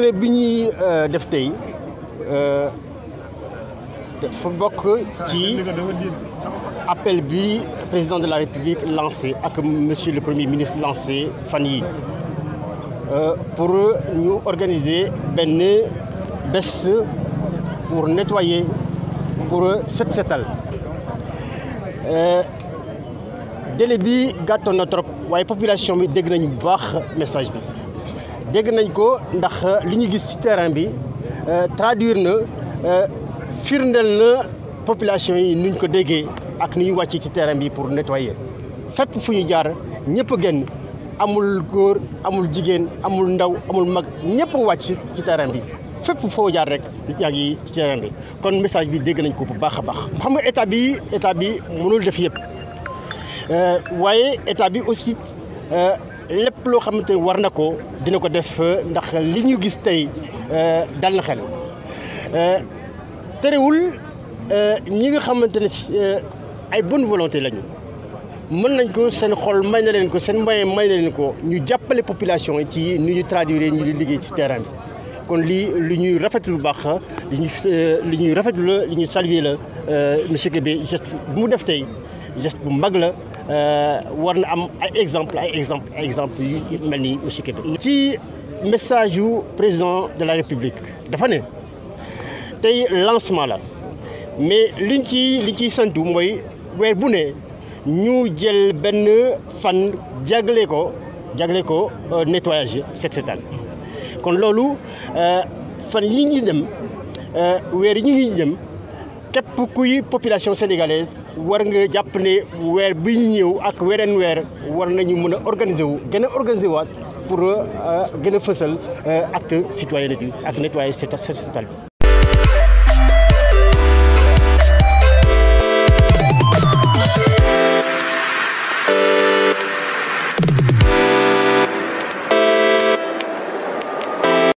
tournée bi ñuy euh, def tey euh, dafa bokk ci appel bi président de la république lancé ak monsieur le premier ministre lancé fan euh, pour nous organiser benn bés pour nettoyer pour set setal délai bi gàttoon na trop population bi dégg nañ bu message bi dégg nañ ko ndax li ñu gis ci terrain bi euh, traduire na euh, firndel na population yi nuñ ko déggee ak ni ñu wàccee ci terrain bi pour nettoyer fépp fu ñu jaar ñëpp genn amul góor amul jigéen amul ndaw amul mag ñëpp wàcc ci terrain bi fépp foo jaar rek yaa ngi ci terrain bi kon message bi dégg nañ ko bu baax a baax. xam nga état bi état bi mënul def yëpp euh, waaye état bi aussi lépp lo xamanteni war na ko dina ko def euh, ndax li ñu gis tey euh, dal na xel euh, terewul ñi nga xamanteni ay bonne volonté lañu mën nañ ko seen xol may na leen ko seen moyen may na leen ko ñu jàppale population yi ci ni ñu traduire ñu di liggéey ci terrain bi kon lii li ñuy rafetlu bu baax li ñuy li ñuy rafetlu la li ñuy saluer la monsieur Kébé geste bu mu def tey geste bu mag la. Euh, war na am ay exemple ay exemple ay exemple yu mel ni monsieur Kébé ci message yu président de la république dafa ne tey lancement la mais liñ ci liñ ciy santu mooy weer bu ne ñu jël benn fan jagle ko jagle ko euh, nettoyage cette setal kon loolu euh, fan yi ñu dem weer yi ñuy dem kep kuy population sénégalaise war nga japp ne weer bi ñew ak wereen weer war nañu mëna organiser wu gëna organiser waat pour euh, gëna a euh, acte citoyenneté ak nettoyer cet bi